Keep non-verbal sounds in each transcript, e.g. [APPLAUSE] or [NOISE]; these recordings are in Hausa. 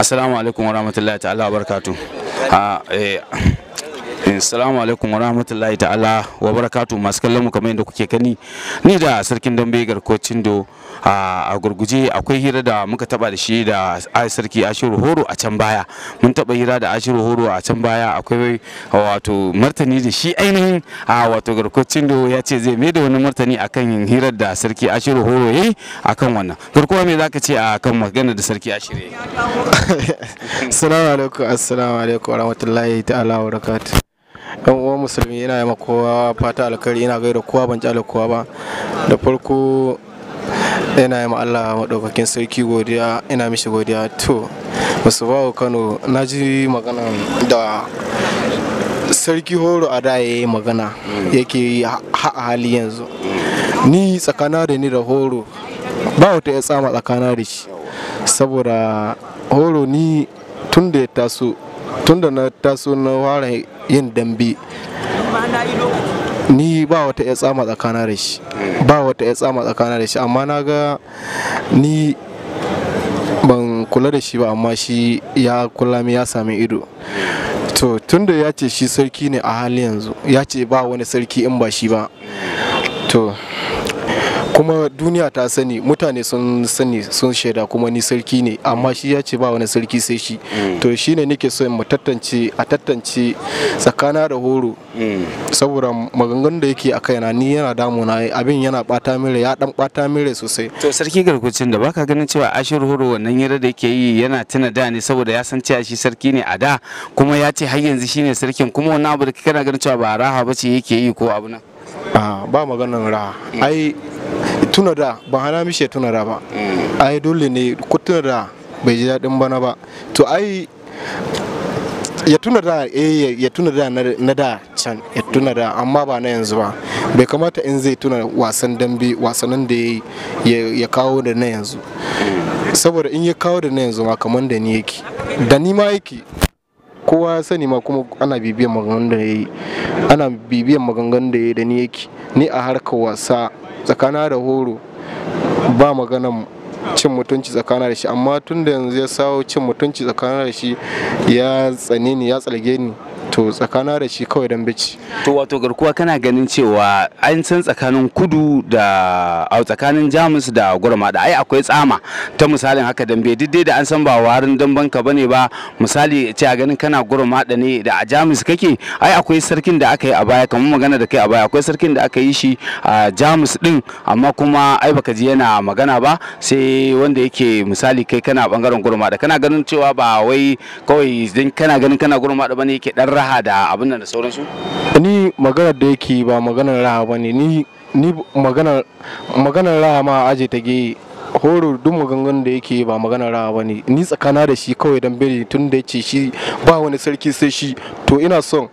assalamu alaikum warahmatullahi ta'ala wa barakatuh ah, eh, Eh, assalamu alaikum warahmatullahi ta'ala wa barakatu masu kallon mu kamar yadda kuke gani ni da sarkin dambe garkocin do a gurguje akwai hira da muka taba da shi da sarki Ashiru Horo a can baya mun taba hira da Ashiru Horo a can baya akwai wato martani da shi ainihin a wato garkocin do ya ce zai mai da wani martani akan hirar da sarki Ashiru Horo yayi akan wannan garkuwa me zaka ce akan magana da sarki Ashiru [LAUGHS] Assalamu alaikum assalamu alaikum warahmatullahi ta'ala wa barakatuh yan uwan musulmi yana yi kowa fata alkhairi yana gaida kowa ban kyale kowa ba da farko yana yi Allah maɗaukakin sarki godiya ina mishi godiya to musu bawo kano na ji magana da sarki horo a da ya yi magana yake yi a hali yanzu ni tsakana da ni da horo ba wata ya tsama tsakana da shi saboda horo ni tun da ya taso Tunda na taso na fara yin dambe ni ba wata ya tsama tsakana da shi ba wata ya tsama tsakana da shi amma na ga ni ban kula da shi ba amma shi ya kula ya sami ido to tunda ya ce shi sarki ne a hali yanzu ya ce ba wani sarki in ba shi ba to kuma duniya ta sani mutane sun sani sun shaida kuma ni sarki ne amma shi ya ce ba wani sarki sai shi mm. to ne nake so mu tattance a tattance tsakana da horo mm. saboda maganganun da yake a kaina ni yana damuna abin yana bata mire ya dan bata mire sosai to sarki garkucin da baka ganin cewa ashir horo wannan yare da yake yi yana tuna da ne saboda ya san cewa shi sarki ne a da kuma ya ce har yanzu shine sarkin kuma wannan abu da kana ganin cewa ba raha bace yake yi ko abu nan Ah, ba maganan ra ai tuna da ba hana mishi tuna da ba mm. ai dole ne ku tuna da bai ji daɗin bana ba to ai ya tuna da eh ya tuna da na da can ya tuna da amma ba na yanzu ba bai kamata in zai tuna wasan dambe wasannin da ya kawo da na yanzu mm. saboda in ya kawo da na yanzu ma kamar da ni yake da ni ma yake kowa ya sani ma kuma ana bibiyan maganganun da yayi ana bibiyan maganganun da yayi da ni yake ni a harkar wasa tsakana da horo ba maganan cin mutunci tsakana da shi amma tun da yanzu ya sawo cin mutunci tsakana da shi ya tsane ni ya tsalge ni to tsakana da shi kawai dan bici to wato garkuwa kana ganin cewa an san tsakanin kudu da a tsakanin jamus da gurma da ai akwai tsama ta misalin haka dambe bai da an san ba warin damban ka bane ba misali ce a ganin kana gurma da ne da a jamus kake ai akwai sarkin da aka yi a baya kamar magana da kai a baya akwai sarkin da aka yi shi a jamus din amma kuma ai baka ji yana magana ba sai wanda yake misali kai kana bangaren gurma da kana ganin cewa ba wai kawai kana ganin kana gurma da bane yake dan raha raha da abin da sauransu ni maganar da yake ba maganar raha ba ne ni maganar raha ma aje ta ge horo duk maganganun da yake ba maganar raha ba ne ni tsakana da shi kawai dan bere tun da yace shi ba wani sarki sai shi to ina son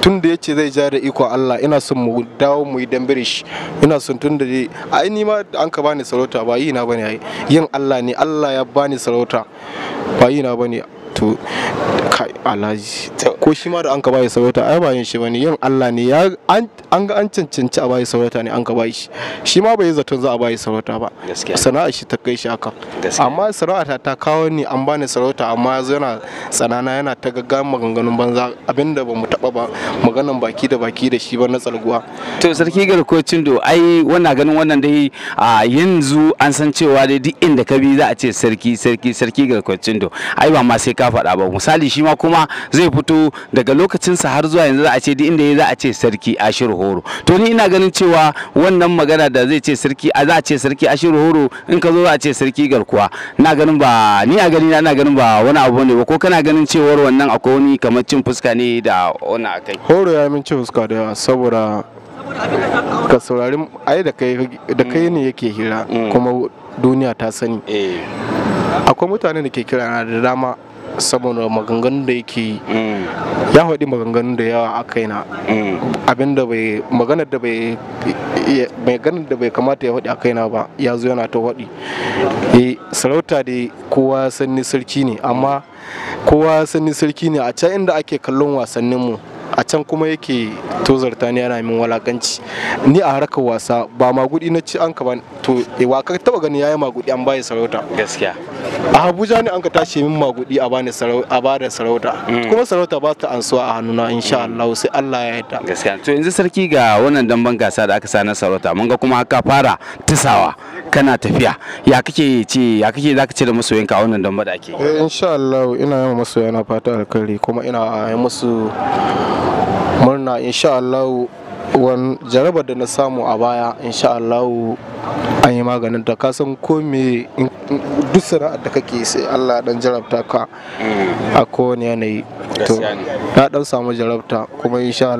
tun da yace zai ja da iko Allah ina son mu dawo mu yi dambare shi ina son tun da ai ni ma an ka bani sarauta ba yi na bane yin Allah ne Allah ya bani sarauta ba yi na bane to alhaji ko shi ma da an ka bayi sarauta ai ba yin shi bane yin Allah ne an ga an cancanci a bayi sarauta ne an ka bayi shi shi ma bai zaton za a bayi sarauta ba sana'a shi ta kai shi haka amma sarauta ta kawo ni an bani sarauta amma yana tsanana yana ta gaggawa maganganun banza abinda ba mu taba ba maganan baki da baki da shi ba na tsalguwa to sarki garkocin do ai wannan ganin wannan dai a yanzu an san cewa dai duk inda ka bi za a ce sarki sarki sarki garkocin do ai ba ma sai ka faɗa ba misali shi ma kuma zai fito daga lokacinsa har zuwa yanzu za a ce duk inda ya za a ce sarki ashir horo to ni ina ganin cewa wannan magana da zai ce sarki a za a ce sarki ashir horo in ka zo za a ce sarki garkuwa na ganin ba ni a gani na ganin ba wani abu ne ba ko kana ganin cewar wannan akwai wani kamar cin fuska ne da wani akai horo ya min cin fuska da yawa saboda ka saurari ai da kai ne yake hira mm. kuma duniya ta sani eh. akwai mutane da ke kira da dama saboda maganganun da yake yi mm. ya haɗi maganganun da yawa a kaina mm. abinda bai maganar da bai mai ganin da bai kamata ya haɗi a kaina ba ya zo yana ta faɗi eh, sarauta dai kowa sanni sarki ne amma kowa sanni sarki ne a can inda ake kallon wasanninmu mu a can kuma yake tozarta ni yana min walakanci ni a harkar wasa ba magudi na ci an ka ba to eh, wa ka taba gani yayi magudi an bayi sarauta gaskiya a Abuja ne an ka tashi min magudi a bani sarauta a bada sarauta kuma sarauta ba ta ansuwa a hannuna insha mm. Allah sai Allah ya yarda gaskiya to yanzu sarki ga wannan damban gasa da aka sa na sarauta mun ga kuma ka fara tisawa kana tafiya ya kake ce ya kake zaka ce da masoyanka a wannan damba da ake eh insha Allah ina yi masoyana fata alkhairi kuma ina yi musu murna insha Allah jarabar da na samu a baya insha Allah an yi maganin ta kasan ko dusara duk sana'ar da kake sai Allah dan jarabta ka mm. a kowane yanayi to na dan samu jarabta kuma insha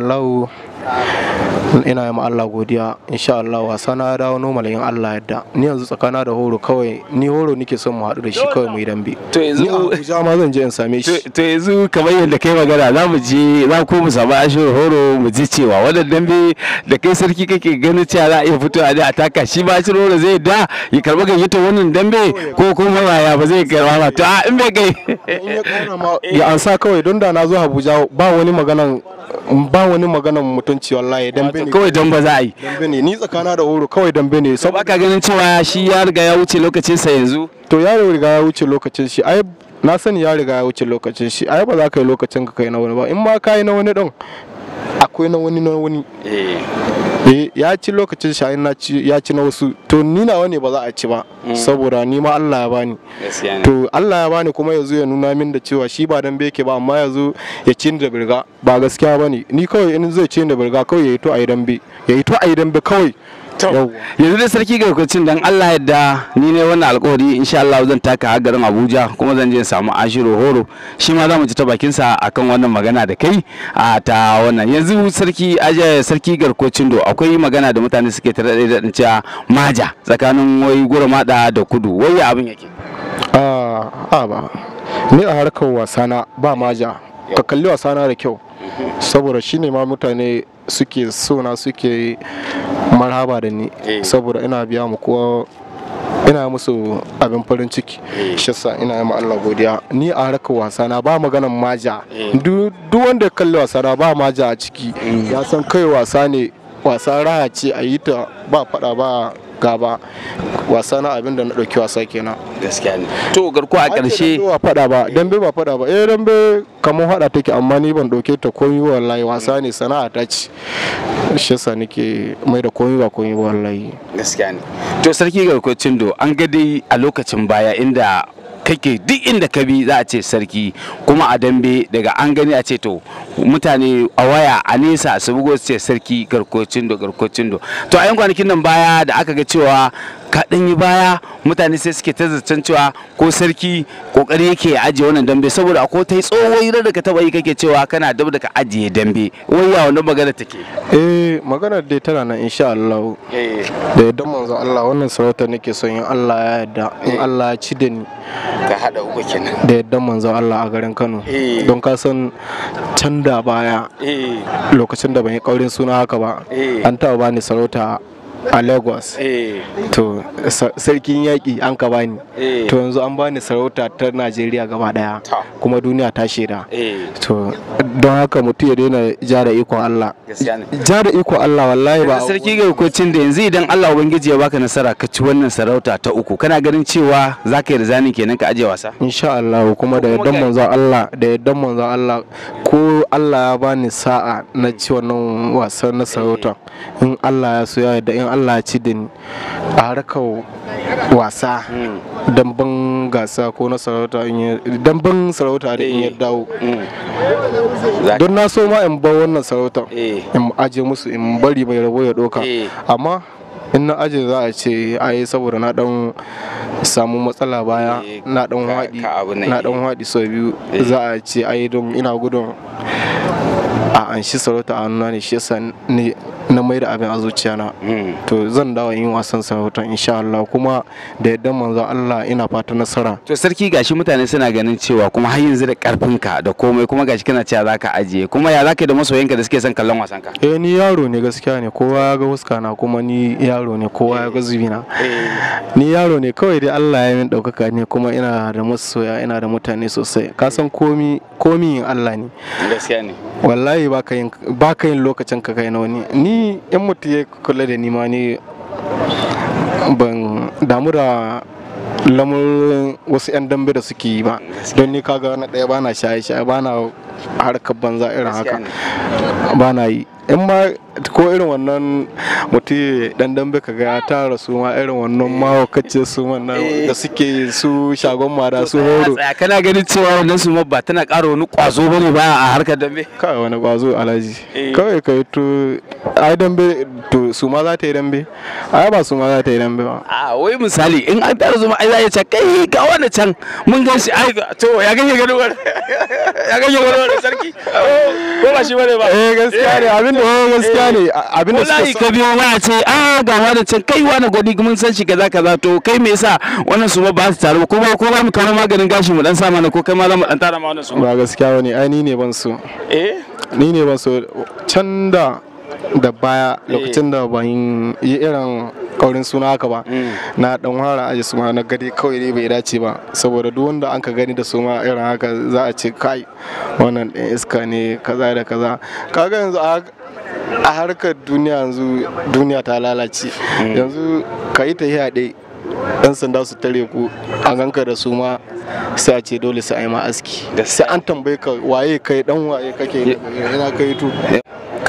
ina yi Allah godiya insha Allah wasa na dawo normal yin Allah yadda ni yanzu tsakana da horo kawai ni horo nike son mu haɗu da shi kawai mu yi dambe to yanzu Abuja ma zan je in same shi to yanzu kamar yadda kai magana za mu je za ku mu samu ashirin horo mu ji cewa wannan dambe da kai sarki kake ganin cewa za a iya fito a a taka shi ba shi horo zai da ya karɓa gayyata wannan dambe ko kuma ya ba zai karba ba to a in bai kai ya ansa kawai don da na zo Abuja ba wani maganan ba wani maganan mutunci wallahi dambe ne kawai dambe za a yi dan ne ni tsakana da oro kawai dambe ne saboda aka ganin cewa shi ya riga ya wuce lokacin sa yanzu to ya riga ya wuce lokacin shi ai na sani ya riga ya wuce lokacin shi ai ba za ka yi lokacin ka kai na wani ba in ma ka yi na wani din akwai na wani na wani eh eh ya ci lokacin shi ya ci na wasu to ni nawa ne ba za a ci ba mm. saboda ni ma Allah ya bani to Allah ya bani kuma zo ya nuna min da cewa shi ba dan beke ba amma yazo ya ci da birga ba gaskiya bane ni kawai in zai ci da birga kawai ya yi to ayi dambe yi to ayi dambe kawai yanzu dai sarki ga lokacin dan Allah yadda ni ne wannan alƙawari insha Allah zan taka a garin Abuja kuma zan je samu Ashiru Horo shi ma za mu ci ta bakin sa akan wannan magana da kai a ta wannan yanzu sarki aje sarki garkocin do akwai magana da mutane suke tare da din cewa maja tsakanin wai gurmada da kudu wai ya abin yake a ah, ba ni a harkar wasana ba maja ka kalli wasana da kyau saboda shine ma mutane suke sona suke marhaba da ni eh. saboda ina biya mu kowa ina musu abin farin ciki eh. shi yasa ina yi Allah godiya ni a harkar wasa na ba maganan maja eh. duk wanda kalli wasa na ba maja a ciki mm. ya san kai wasa ne wasa raya ce a yi ta ba fada ba gaba wasa na abin da na ɗauki wasa kenan gaskiya ne to garko a ƙarshe ba faɗa ba dambe ba faɗa ba eh dambe kamar faɗa take amma ni ban ɗauke ta koyi wallahi wasa ne sana'a ta ci shi yasa nake mai da koyi ba komai wallahi gaskiya ne to sarki garko cindo an ga dai a lokacin baya inda kake duk inda ka bi za a ce sarki kuma a dambe daga an gani a ce to mutane a waya a nesa su bugo su ce sarki garkocin do garkocin do to a yan kwanakin nan baya da aka ga cewa ka dan yi baya mutane sai suke ta zaton cewa ko sarki kokari yake ajiye wannan dambe saboda ko ta tsohon da ka taba yi kake cewa kana dab da ka ajiye dambe wai ya wannan magana take eh magana dai tana nan insha Allah eh. da yadda manzo Allah wannan sarauta nake son yin Allah ya yadda, in eh. Allah ya ci da ni ka hada uku kenan da yadda manzo Allah a garin Kano eh. don ka san can da baya lokacin da ban yi kaurin suna haka ba an taba bani sarauta a lagos eh. to sarkin yaƙi an ka bani eh. to yanzu an bani sarauta ta najeriya gaba daya kuma duniya ta shaida eh. to don haka mutum ya daina ja da ikon allah ja da ikon allah wallahi ba sarki ga hukuncin da yanzu idan allah ubangiji ya baka nasara ka ci wannan sarauta ta uku kana ganin cewa za ka yi rizanin kenan ka aje wasa insha allah kuma da yaddan manzon allah da yaddan manzon allah ko allah ya bani sa'a na ci wannan wasan na sarauta in allah ya so ya yadda in Allah ya ci da ni a harkar wasa hmm. damban gasa ko na sarauta damban sarauta da in yi eh. dawo hmm. don na so ma in ba wannan sarauta eh. in aje musu in bari mai rabo ya doka eh. amma in na aje za a ce yi saboda na dan samu matsala baya na dan haɗi na dan haɗi sau biyu za a ce yi don ina gudun a an shi sarauta a hannuna ne shi yasa na mai da abin a zuciya na hmm. to zan dawo yin wasan sarauta insha Allah kuma da yadda manzo Allah ina fata nasara to sarki gashi mutane suna ganin cewa kuma har yanzu da karfin ka da komai kuma gashi kana cewa zaka ajiye kuma ya zaka da masoyanka da suke son kallon wasan ka eh ni yaro ne gaskiya ne kowa ya ga huska na kuma ni yaro ne kowa ya ga zubina eh. ni yaro ne kawai dai Allah ya min daukaka ne kuma ina da masoya ina da mutane sosai ka san komi komi Allah ne gaskiya ne wallahi wallahi ba ka yin lokacin ka kai na wani ni in mutu ya kula da nima ne ban damu da lamurin wasu 'yan dambe da suke yi ba don ni kaga na ɗaya ba na shaye-shaye ba na harkar banza irin haka ba na yi in ma ko irin wannan mutum dan dambe ka ga ta rasu ma irin wannan eh. mahaukacin su wannan eh. da suke su shagon mara su horo kana ganin cewa wannan su ba tana ƙara wani kwazo bane ba a harkar dambe eh. kawai wani kwazo alaji kawai kai to ai dambe to su ma za ta yi dambe ai ba su ma za ta yi dambe ba a wai misali in an tara a ai za ya ce kai ga wani can mun gan shi ai to ya ganye gado [LAUGHS] ya ganye gado bane eh, ko ba shi bane ba eh gaskiya ne abin da eh. gaskiya ne abin da suka biyo ce a ah, ga wani can kai wani gwadi mun san shi kaza kaza to kai me yasa wannan su ba su taru ko ba ko ba mu kawo maganin gashi mu dan sa mana ko kai ma za mu dan tara ma wannan su ba gaskiya bane ai ni ne ban so eh ni ne ban so can da da baya lokacin da ban yi irin kaurin suna haka ba mm. na dan wara aji suma na gari kawai ne bai dace ba saboda duk wanda an ka gani da suma irin haka za a ce kai wannan iska ne kaza da kaza kaga yanzu a harkar duniya yanzu duniya ta lalace mm. yanzu ka yi ta yi haɗe dan sanda su tare ku a ganka da suma sai a ce dole sai a yi ma aski sai an tambaye ka waye kai dan waye kake yana kai tu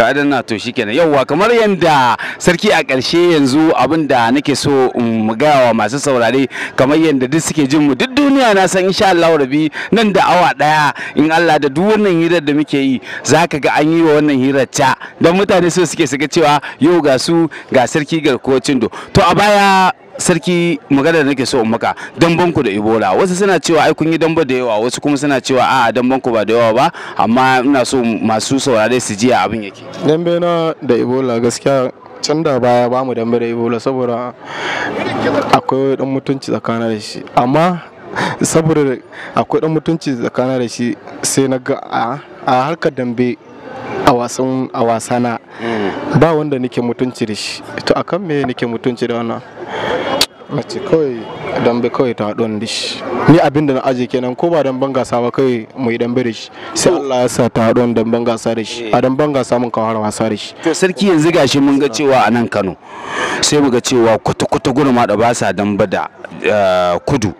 ka na to kenan yauwa kamar yanda sarki a ƙarshe yanzu abin da nake so in wa masu saurare kamar yadda duk suke jin mu duk duniya na san insha Allah rabi nan da awa ɗaya, in Allah da duk wannan hirar da muke yi za ka ga an yi wa wannan hirar ta dan mutane so suke suka cewa yau ga su ga sarki garkuwar cindo to a baya sarki magana da nake so in maka damban ku da Ibola, wasu suna cewa ai kun yi damba da yawa wasu kuma suna cewa a'a damban ku ba da yawa ba amma ina so masu saurare su ji abin yake dambe na da Ibola gaskiya can da baya ba mu dambe da Ibola saboda akwai dan mutunci tsakanin da shi amma saboda akwai dan mutunci tsakanin da shi sai na ga a harkar dambe a wasan a wasana mm. ba wanda nake mutunci da shi to akan me nake mutunci da wannan mace kawai dambe kawai ta don da shi ni abin da na aje kenan ko ba damben gasa ba kai mu yi dambe da sai Allah ya sa ta don da damben gasa da shi a damben gasa mun kawo wasa da shi to sarki yanzu gashi mun ga cewa a nan Kano sai mu ga cewa kwata-kwata gurma da ba sa dambe da eh, kudu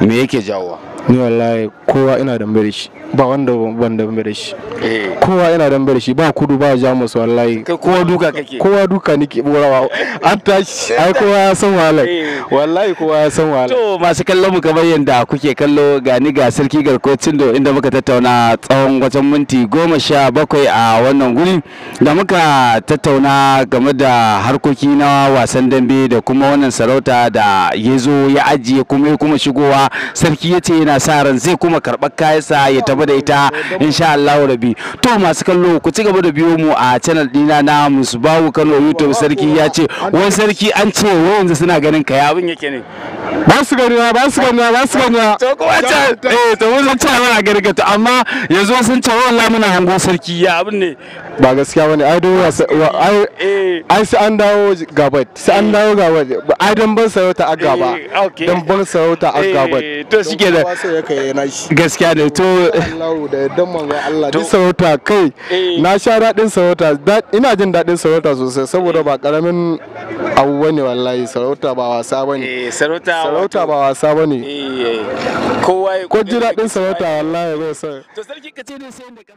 me yake jawowa ni wallahi kowa ina dambe da shi ba wanda ban dambe da shi eh. kowa ina dambe da shi ba kudu ba jamus wallahi kowa duka kake kowa duka nake borawa an tashi [LAUGHS] ai kowa ya san wallahi eh. wallahi kowa ya san wallahi to masu kallon mu kamar yanda kuke kallo ga ni ga sarki garkocin tindo inda muka tattauna tsawon wajen minti goma sha bakwai a wannan guri da muka tattauna game da harkoki na wasan dambe da kuma wannan sarauta da ya zo ya ajiye kuma ya kuma shigowa sarki ya ce yana yana sa ran zai kuma karɓar kayansa ya tafi da ita insha Allah rabi to masu kallo ku ci gaba da biyo mu a channel dina na Musbahu Kano YouTube sarki ya ce wai sarki an ce wai yanzu suna ganin ka ya abin yake ne ba su gani ba su gani ba su gani to kuma ta eh to mun san cewa a gargata amma yanzu sun ce wallahi muna hango sarki ya abin ne ba gaskiya bane ai don eh, eh. ai sai an dawo gabat sai an eh. dawo gabat ai don ban sarauta a gaba don ban sarauta a gabat to ke da gaskiya ne to Allah sarauta kai na sha daɗin sarauta ina jin daɗin sarauta sosai saboda ba karamin abu bane wallahi sarauta ba wasa ne sarauta ba wasa bane ne ko ji daɗin sarauta wallahi ba sai